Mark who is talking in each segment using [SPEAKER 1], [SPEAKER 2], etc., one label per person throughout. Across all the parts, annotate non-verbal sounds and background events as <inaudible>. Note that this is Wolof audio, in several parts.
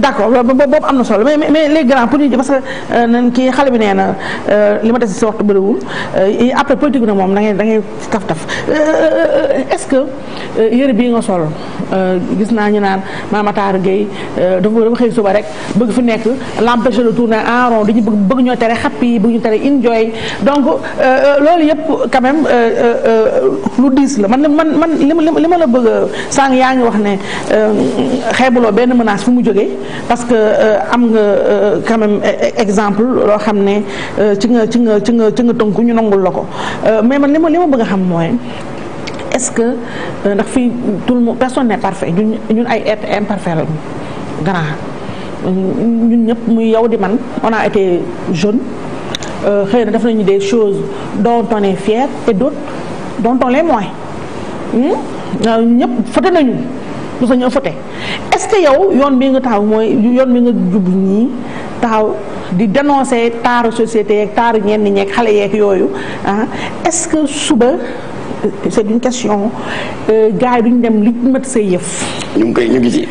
[SPEAKER 1] d'accord boobu am na solo mais mais les grands pour ñu parce que euh, nan kii xale bi nee na euh, li ma des si waxtu bëriwul euh, après politique bi nag moom da ngay da ngay taf taf est-ce que yére bii nga sol gis naa ñu naan Mame Matar Gueye dafa dafa xëy suba rek bëgg fu nekk l'empêcher le tourner en rond dañu bëgg bëgg ñoo tere happy bëgg ñu tere enjoy donc loolu yëpp quand même lu diis la man man man li ma la bëgg sànq yaa ngi wax ne xeebuloo benn menace fu mu jógee parce que euh, am nga euh, quand même e, e, exemple loo xam ne euh, ci nga ci nga ci nga nga tënku ñu nangul la ko mais man li ma li ma bëgg a xam mooy est-ce que ndax fii tout le monde personne n'est parfait ñun ñun ay être imparfait lañu grand ñun ñëpp muy yow di man on a été jeune xëy na def nañu des choses dont on est fier et d'autres dont on est moins hmm? ñëpp nañu lu sa ñoo fote est-ce que yow yoon bi nga taxaw mooy yoon bi nga jublu nii taxaw di dénoncer taaru société yeeg taaru ñenn ñeeg xale yeeg yooyu ah est-ce que suba Euh, c'est une question euh, gars yi duñ dem li mat say yëf.
[SPEAKER 2] ñu ngi koy ñu ngi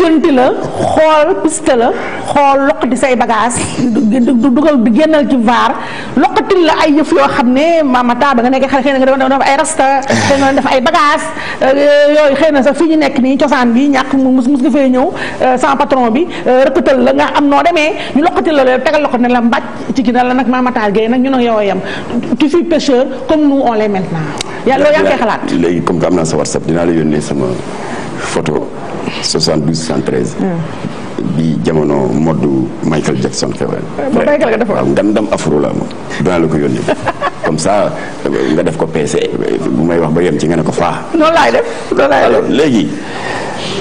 [SPEAKER 1] jënti la xool piste la xool loqati say bagage dugal bi génnal ci vaar loqatil la ay yëf yoo xam ne mamata ba nga nekk xale xëy na nga doon def ay rasta xëy na def ay bagage euh, yooyu xëy na sa fi ñu nekk nii cosaan bi ñàkk mus mus nga fee ñëw sans patron bi rëkkatal la nga am noo demee ñu loqatil la loolu tegal loxo ne la mbàcc ci ginnaaw la nag mamata gay nag ñu ne yow yam tu suis pêcheur comme yaa loolu yaa ngi koy xalaat
[SPEAKER 2] léegi comme que am naa sa whatsapp dinaa la yónnee sama photo 72 73. Hmm. bi jamono modd Michael Jackson xewal. ba Michael nga defoon ngam ndam afro ko yónnee <laughs> comme ça nga def ko PC bu may wax ba yem ci nga ne ko faa. noonu laay def noonu laay def léegi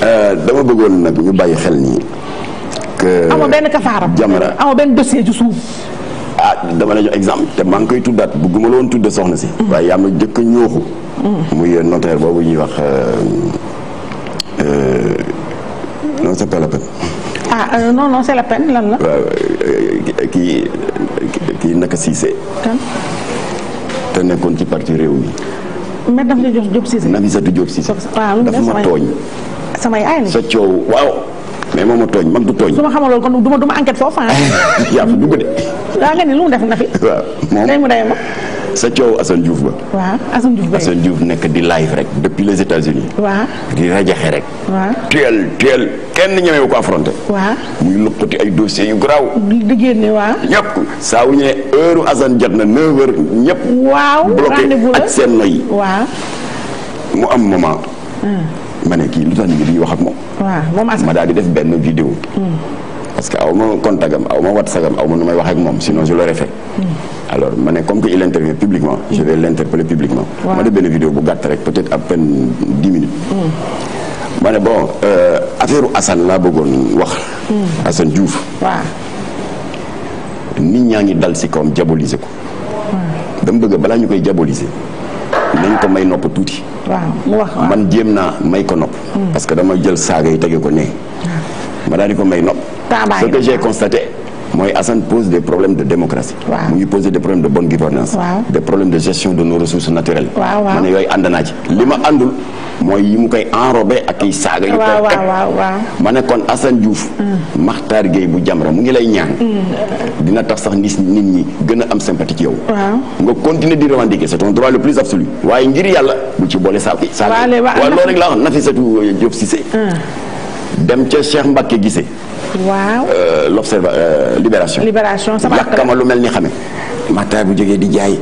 [SPEAKER 2] euh, dama bëggoon nag ñu bàyyi xel nii. que amoo benn kafaara
[SPEAKER 1] amoo benn dossier ci
[SPEAKER 2] ah dama la jox exemple te maa koy tuddaat bëgguma la woon soxna si. Mm-hmm. waaye yaa ma jëkk a ñooxu. Mm-hmm. muy euh, notaire boobu ñuy wax euh, euh, non c'est pas la peine.
[SPEAKER 1] Ah, la lan la.
[SPEAKER 2] waaw kii kii naka Cissé. te nekkoon ci parti réew mi.
[SPEAKER 1] mais daf la jox Diop Cissé.
[SPEAKER 2] Nafissatou Diop Cissé. waaw ah, dafa ma tooñ. sama yaay sa coow waaw. mais moom ma tooñ man du tooñ. su ma
[SPEAKER 1] xamaloon kon du ma du foofu ah. <laughs> yaa fa dugg de. daa nga ni lu mu def na fi. <laughs> waaw moom
[SPEAKER 2] sa coow Assane Diouf ba.
[SPEAKER 1] waaw Assane
[SPEAKER 2] Diouf ba nekk di live rek depuis les États-Unis di rajaxe rek. waaw teel kenn ñemewu ko affronté. waaw muy lëkkati ay dossiers yu garaaw.
[SPEAKER 1] di génne waaw.
[SPEAKER 2] saa wu ñu heure Assane jot na 9h ñëpp. waaw bloqué ak seen noy. waaw mu am moment. Hmm. ma ne kii lu tax nit ñi wax ak moom. ma daal di def benn vidéo. Hmm. parce que aw ma contact am aw ma whatsapp aw ma nu may wax ak moom sinon je l'aurais fait hmm. alors ma ne comme que il intervient publiquement je vais l'interpeller publiquement ma bu gàtt rek peut-être à peine dix hmm. ne bon euh, affaire u laa bëggoon wax hmm. Assane Diouf nit ñaa ngi dal si kawam diaboliser ko dama bëgg balaa ñu koy diaboliser nañ ko may nopp tuuti man jéem naa may ko nopp parce que dama jël saaga yi tege ko ne ah. ma daal ko may nopp ce que j'ai constaté mooy Assane pose des problèmes de démocratie. waaw mu ngi pose des problèmes de bonne gouvernance waaw. des de gestion de nos ressources naturelles. waaw waaw ma ci. li ma mooy yi mu koy enrobé ak i saaga. yu koy teg ma ne kon Assane Diouf. Hmm. Makhtar Gueye bu Jamra mu ngi lay ñaan. Hmm. dina tax sax ngis nit ñi gën a am sympathie ci yow. nga continuer di revendiquer c'est ton droit le plus absolu. waaye ngir yàlla bu ci boole saa saa waaw loolu rek laa wax waaw euh, l'observateur libération.
[SPEAKER 1] libération sama yàq ma
[SPEAKER 2] lu mel ni xame mataa bu jógee di jaay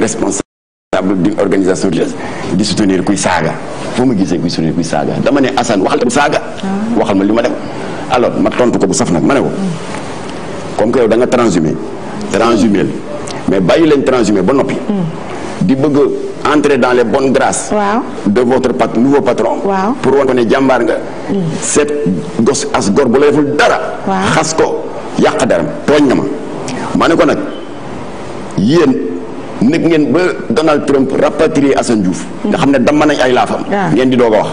[SPEAKER 2] responsable d'une organisation di soutenir kuy saaga foo ma gisee kuy soutenir kuy saaga dama ne Assane waxal bu saaga. Ah. waxal ma li ma dem alors ma tontu ko bu saf nag ma ne ko. comme que yow da nga transhumé mais bàyyi leen transhumé ba noppi. Hmm. di bëgg entrer dans les bonnes grâces. waaw de votre pat nouveau patron. waaw pour wane ne jàmbaar nga. Hmm. seet gos as gor bu la deful dara. xas ko yàq daram tooñ na ma. ma ne ko nag yéen nekk ngeen ba Donald Trump rapatrier Assane Diouf. Hmm. nga xam ne damm nañ ay laafam. ngeen di doog a wax.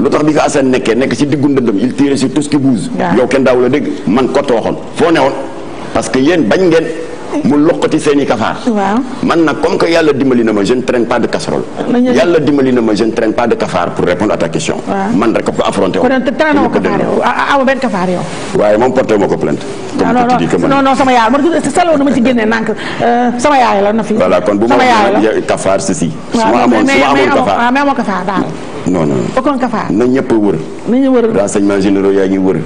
[SPEAKER 2] lu tax bi ko Assane nekkee nekk si diggu ndëndëm il tirait sur tout ce qui yow kenn daaw la dégg man kott waxoon foo newoon parce que bañ ngeen. mu loqati seen i kafaar. waaw man nag comme que yàlla dimbali na ma je ne traîne pas de casserole. yàlla dimbali na ma je ne traîne pas de kafaar pour répondre à ta question. man rek ko affronté woon. benn kafaar yow. waaye moom porté ma ko plainte. Ah, comme non non
[SPEAKER 1] sama yaay man saloo na ma ci génnee nànk euh, sama yaay la na fi. voilà kon bu ma
[SPEAKER 2] kafaar si si. su ma amoon su ma amoon kafaar
[SPEAKER 1] mais amoo kafaar daal.
[SPEAKER 2] non non. aucun kafaar. na ñëpp wër. na ñu wër renseignement généraux yaa ngi wër.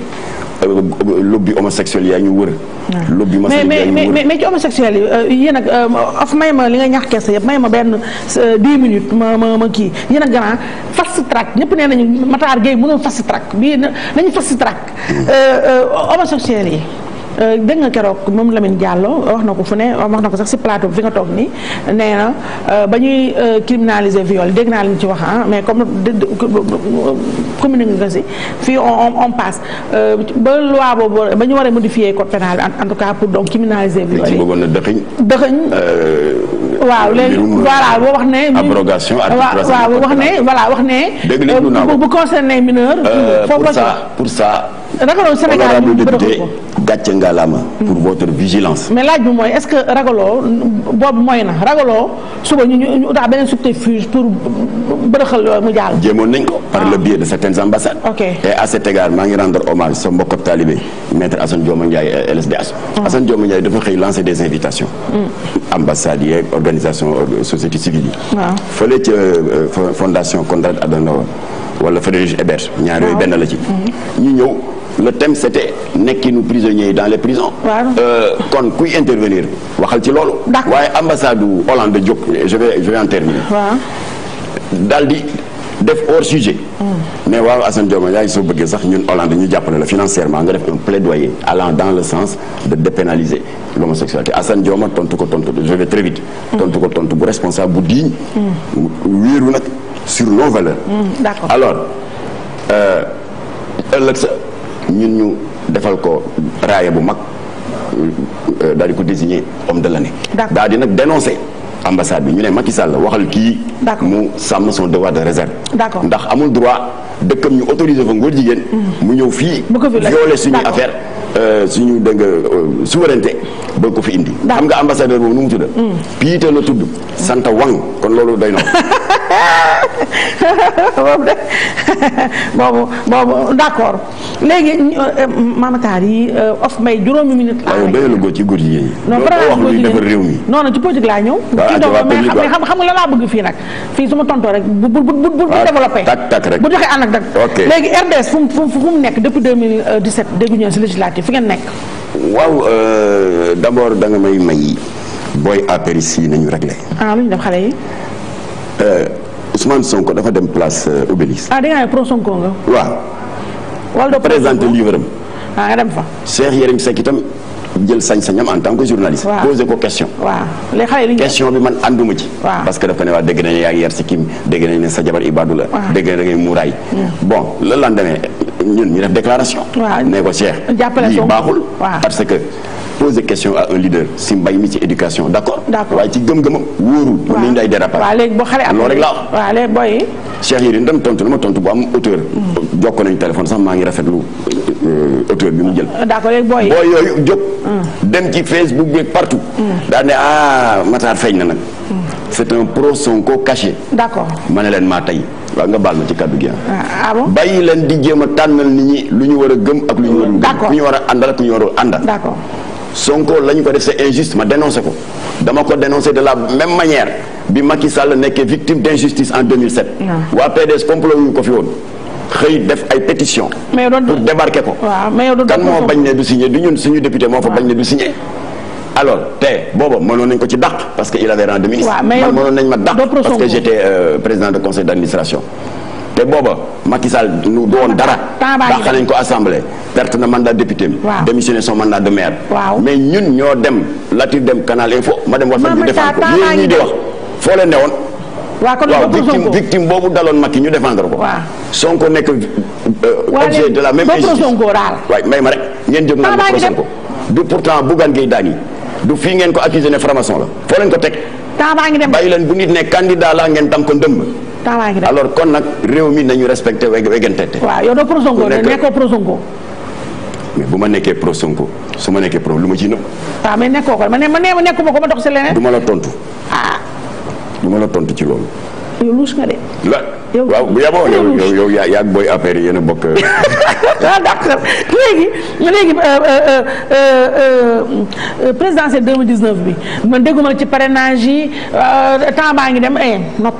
[SPEAKER 2] Euh, lobby homosexuel yaa ñu wër. lobby maçonnique yaa ñu wër mais
[SPEAKER 1] mais ci homosexuel yi euh, yéen ak euh, of may ma li nga ñax kees yëpp may ma benn 10 minutes ma ma ma kii yéen ak grand fast track ñëpp nee nañu Matar Gueye mënul fast track bii nañu fast track hmm. homosexuel yi. Euh, dégg nga keroog moom Lamine Diallo wax na ko fu ne wax na ko sax si plateau fi nga toog ni nee na euh, ba ñuy euh, criminaliser viol dégg naa li ci wax ah mais comme communiqué nga si fii on on passe ba loi ba ñu war a modifier code pénal bi en tout cas pour donc criminaliser viol yi.
[SPEAKER 2] dëxëñ dëxëñ waaw léegi voilà boo
[SPEAKER 1] wax ne. abrogation article waaw wax ne voilà wax ne.
[SPEAKER 2] dégg bu
[SPEAKER 1] concerné mineur. pour ragaloo Sénégal ñu député
[SPEAKER 2] gàcce ngalaama pour votre vigilance.
[SPEAKER 1] mais laaj bi mooy est-ce que ragaloo boobu mooy na ragaloo suba ñu ñu utax beneen subterfuge pour bërëxal yooyu mu jàll.
[SPEAKER 2] jéemoon nañ ko par le biais de certaines ambassades. ok et à cet égard maa ngi rendre hommage sa mbokk talibé maître Assane Dioma Ndiaye LSDH. Mm. Assane Dioma Ndiaye dafa xëy lancer des invitations.
[SPEAKER 1] Mm.
[SPEAKER 2] ambassades yeeg organisation euh, société civile yi. waaw fële ca euh, fondation Konrad Adenauer wala Friedrich le thème c'était nekkinu prisonniers yi dans les prisons. Euh, kon kuy intervenir waxal ci loolu. waaye ambassade u Hollande jóg je vais en terminer. daal di def hors sujet. Hmm. mais waaw Assane Dioma yaa ngi soo bëggee sax ñu Hollande ñu jàppale la financièrement nga def un plaidoyer allant dans le sens de dépénaliser l'homosexualité Assane Dioma tontu ko tontu je vais très vite. Hmm. tontu ko tontu bu responsable bu digne. Hmm. wéeru nag sur nos valeurs. alors euh, ñun ñu defal ko raaya bu mag euh, daal di ko désigner homme de l'année daal di nag dénoncer ambassade bi ñu ne Macky Sall waxal kii mu sàmm son devoir de réserve ndax amul droit dëkkam ñu autorisé fa ngóor jigéen mm-hmm. mu ñëw fii violer suñu affaire euh, suñu dégg nga euh, souveraineté ba ko fi indi xam nga ambassadeur boobu nu mu tudda mm. Piita la tudd santa Wang kon loolu doy na <laughs> <laughs>
[SPEAKER 1] boobu de <laughs> boobu boobu d'accord léegi euh, euh, mamataar yi euh, of may juróomi minute laa
[SPEAKER 2] bayalagoo ci góor jigéen yi non wax luy defar réew mi
[SPEAKER 1] non non ci politique laa ñëw ah, ci doog mais xam xam nga la laa bëgg fii nag fii su ma tontoo rek bu bu bu bu ah, développé
[SPEAKER 2] tak tak rek bu joxe ànd ak dak léegi
[SPEAKER 1] RDS fu mu fu mu nekk depuis 2017 dégguñu leen si législative fi ngeen nekk
[SPEAKER 2] waaw d'abord da nga may may booy apéris yi nañu réglé
[SPEAKER 1] ah lu ñu xale yi
[SPEAKER 2] Euh, Ousmane Sonko dafa dem place euh, Obélisque.
[SPEAKER 1] ah da ngaa pro Sonko nga.
[SPEAKER 2] waaw. wala doo présenté livre am. ah nga dem fa. Cheikh Yérim Seck itam jël sañ-sañam en tant que journaliste. waaw ko question. waaw les xale question bi man ànduma ci. waaw parce que dafa ne waa dégg nañ yaa ngi yar si kim dégg nañu ne sa jabar ibadu la. waaw dégg nañu da ngay muuraay. Hmm. bon le lendemain ñun ñu def déclaration. waaw ne ko Cheikh. jàppale baaxul. parce que. poser question à un leader si mbay mi ci éducation d' accord. d' accord waaye ci gëm-gëmam wóorul. waaw mën nañu day dérapage. waaw léegi boo xale am loolu rek laa yi. Cheikh Yérim dem tontu na ma tontu bu am auteur. Hmm. jokkoo nañu téléphone sax maa ngi rafetlu euh, auteur bi mu jël. d' accord léegi booy yooyu jóg. Hmm. dem ci Facebook bi partout. Hmm. daa ne ah Matar feeñ na nag. c' est un pro Sonko caché. d' accord ma ne leen maa tey. waaw nga baal ma ci kàddu gi ah.
[SPEAKER 1] Ah, ah. bon
[SPEAKER 2] bàyyi leen di jéem a tànnal nit ñi lu ñu war a gëm ak lu ñu war a. d' accord lu ñu war a àndal ñu war a àndal. Sonko la ko def c'est injuste ma dénoncé ko dama ko dénoncé de la même manière bi Macky Sall nekkee victime d'injustice en 2007. waa PDS complot yu ko fi woon. xëy def ay pétition pour débarquer ko kan moo bañ ne du signé du ñun suñu député moo fa bañ ne du signé alors te booba mënoon nañ ko ci dàq parce que il avait rang de ministre man mënoon nañ ma dàq parce que j'étais euh, président de conseil d'administration te booba Macky Sall nu doon dara. dàq nañ ko assemblée perte na mandat député am. waaw démissionné son mandat de maire. mais ñun ñoo dem Latif dem Canal Info ma dem wax. ñu défendre ko yéen ko. nekk. Euh, euh, objet de la même injustice ma rek ngeen jóg naan ma Sonko du pourtant Bougane Gueye Dany du fii ngeen ko accusé ne franc la foo leen ko teg. bàyyi leen bu nit ne candidat la ngeen dam ko ndëmb. alors kon nag réew mi nañu respecté we weggante te waa yow doo pro Sonko de nekkoo pro mais bu ma nekkee pro Sonko su ma nekkee pro lu ma ci nëb
[SPEAKER 1] waaw mais nekkoo ko ma ne ma ne nekkuma ko ma dox si leneen du ma la tontu ah
[SPEAKER 2] du ma la tontu ci loolu yow luus nga de la waaw bu yaboo yow yow yaa yaa booy affaire yi yéen a bokk waaw <laughs>
[SPEAKER 1] euh. ah, ma léegi léegi euh, euh, présidentielle 2019 bi man dégguma ci parrainage nagi temps baa ngi dem eh, noppi